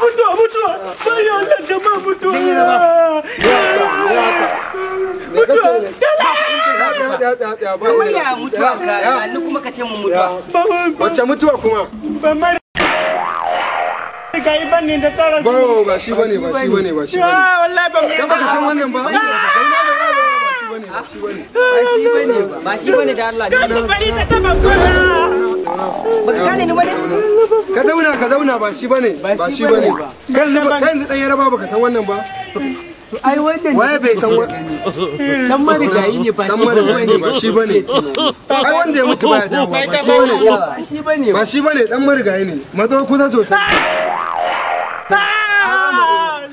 mutuwa mutuwa bayan Allah mutuwa mutuwa tala kamar ya mutuwa ka ni kuma ka ce mu mutuwa wacce mutuwa kuma kai bane da tara ba ba shi bane ba shi bane ba shi bane wallahi ba mu ba ka san wannan ba ba shi bane ba shi bane ah, da Allah ne ba bari ta taba ba ka gane ni wani ka zauna ka zauna ba shi bane ba shi bane ba kan yanzu dan yaraba baka san wannan ba to ai wannan waye bai san wannan dan mari ga yi ne ba shi bane ba shi bane ai wanda ya mutu baya dawo ba shi bane ba shi bane dan mari ga yi ne mazo kusa sosai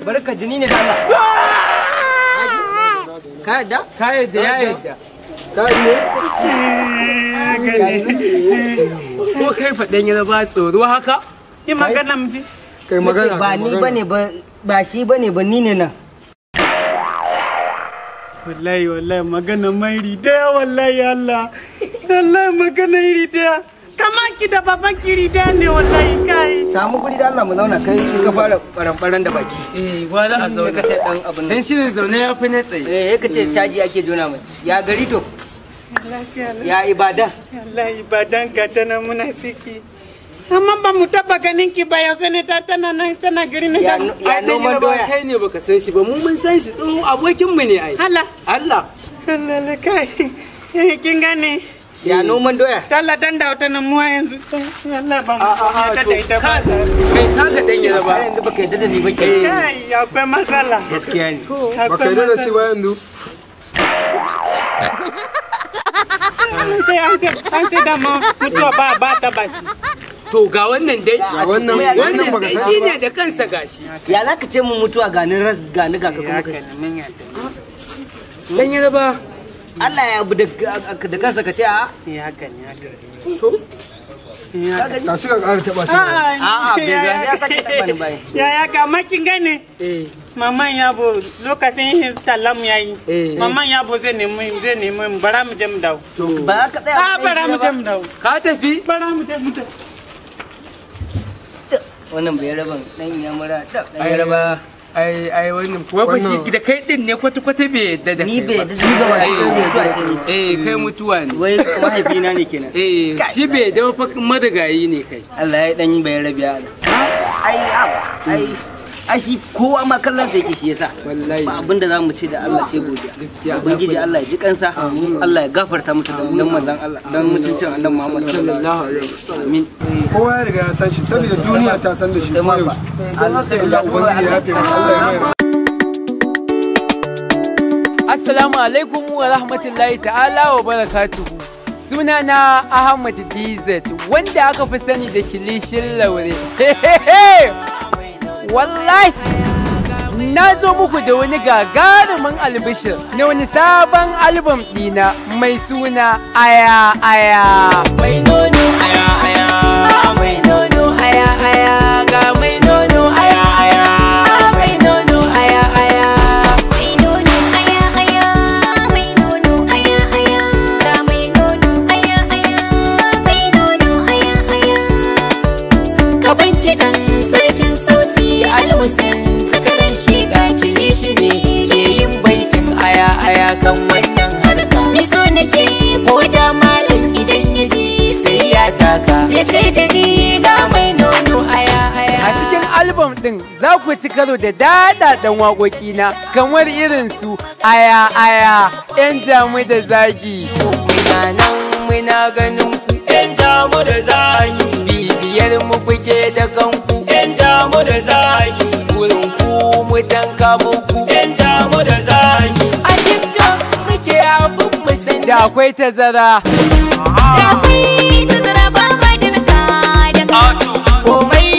barka jini ne dala ka yadda ka yadda ya yadda ka yadda haka ko kai faɗin yana ba tsoro haka yi magana mu kai magana ba ni bane ba ba shi bane ba ni ne nan wallahi wallahi magana mai ridaya wallahi Allah wallahi magana ridaya kama ki da baban ki ridaya ne wallahi kai samu guri da Allah mu zauna kai shi ka fara baran da baki eh wala a zauna kace dan abin nan dan shi ne zaune ya fi na tsaye eh kace caji ake jona mai ya gari to ya ibadan Allah ibadan ga tana muna siki amma ba mu taba ganin ki ba yau sai ta tana nan tana gari ne ya noman doya kai ne baka san shi ba mu mun san shi tsohon abokin mu ne ai Allah Allah Allah la kai eh, kin gane ya noman doya Allah dan da wata nan muwa yanzu Allah ba mu ta da ita ba kai ta ga dan yanzu ba yanzu baka yadda da ni ba kai eh. kai akwai matsala gaskiya ne baka yadda da shi ba yanzu sai an sai an sai da ma mutuwa ba ba ta ba shi to ga wannan dai wannan wannan da kansa gashi ya zaka ce mu mutuwa ga ni ras ga ni ga kuma kai dan ya ba Allah ya da kansa ka ce a ya eh, ka shi ka ƙara taɓa ni bai yaya ga makin gane eh. maman ya bo lokacin talam ya eh. bara mu je mu dawo ba a ah, bara mu je mu dawo ka tafi bara mu je mu dawo dan ya dan ya ai ai wannan wai ba shi da kai din ne kwata kwata bai da da ni bai da shi ga wani eh kai mutuwa ne wai mahaifi na ne kenan eh shi bai da fa madagayi ne kai Allah ya dan bai rabiya ai ai ashi kowa ma kallon sa yake shi yasa wallahi ba abinda zamu ce da Allah sai godiya gaskiya ubangiji Allah ya ji kansa Allah ya gafarta mata dan manzon Allah dan mutuncin annabi Muhammad sallallahu alaihi wasallam amin kowa ya riga ya san shi saboda duniya ta san da shi kowa Allah ubangiji ya yafe masa Allah ya mai Assalamu alaikum wa rahmatullahi ta'ala wa barakatuhu. Sunana Ahmad DZ wanda aka fi sani da kilishin laure. wallahi na zo muku da wani gagarumin albishir na wani sabon albam dina mai suna aya aya kan wannan harka ni so nake ko da malam idan ya ji sai ya taka ya ce da ni ga mai nono aya aya a cikin album din za ku ci karo da daɗaɗan waƙoƙi na kamar irin su aya aya yan jamu da zagi muna nan muna ganin ku yan jamu da zagi bibiyar mu kuke da kanku yan jamu da zagi wurin ku mutan kamu da akwai tazara da akwai tazara ba ma dinka da komai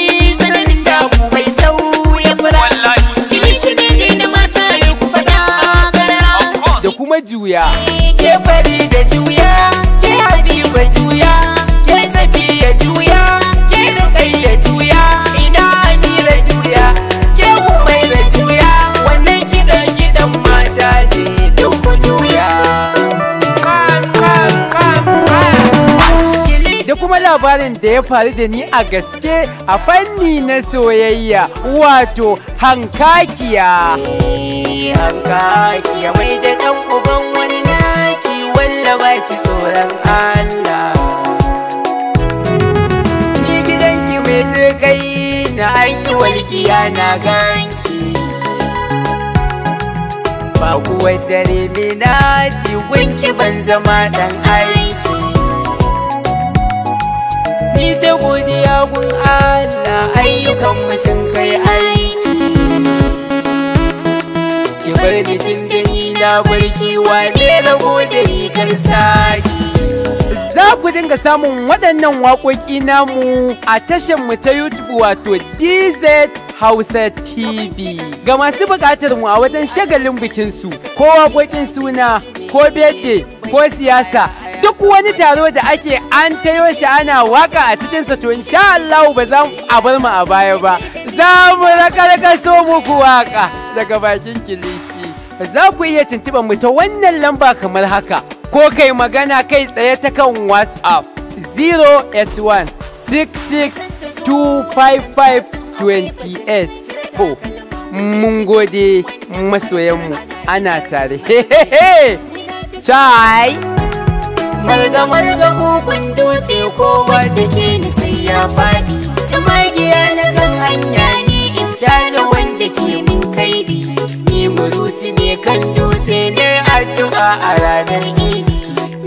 kuma labarin da ya faru da ni a gaske a fanni na soyayya wato hankakiya. Eh, hankakiya mai da ɗan uban wani naki walla baki tsoron Allah. Ni gidanki mai zirgai na an yi walkiya na ganki. Ba kuwa dare mai naci gunki ban zama ɗan aiki. daɗi sai godiya gun Allah ayyukanmu sun kai aiki ki bar ni dindini barki wane rago da rigar saki za ku dinga samun waɗannan waƙoƙi namu a tashar mu ta YouTube wato DZ Hausa TV. Ga masu buƙatar mu a wajen shagalin bikinsu ko waƙoƙin suna ko bete ko siyasa duk wani taro da ake an tayo shi ana waka a cikinsa to insha Allah ba za mu bar mu a baya ba za mu so muku waka daga bakin kilisi za ku iya tuntuɓa mu ta wannan lamba kamar haka ko kai magana kai tsaye ta kan whatsapp 081 66 255 mun gode masoyanmu ana tare. Chai! marga-marga kukun dutse ko wadda ke ni sai ya faɗi tsamagiya na kan hanya ne in da wanda ke min kaidi ni muruci ne kan dutse ne addu'a a ranar idi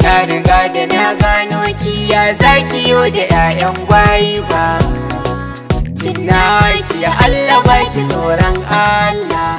na riga da na gano kiya zaki yo da 'ya'yan gwayi ba cinna ki Allah baki tsoron Allah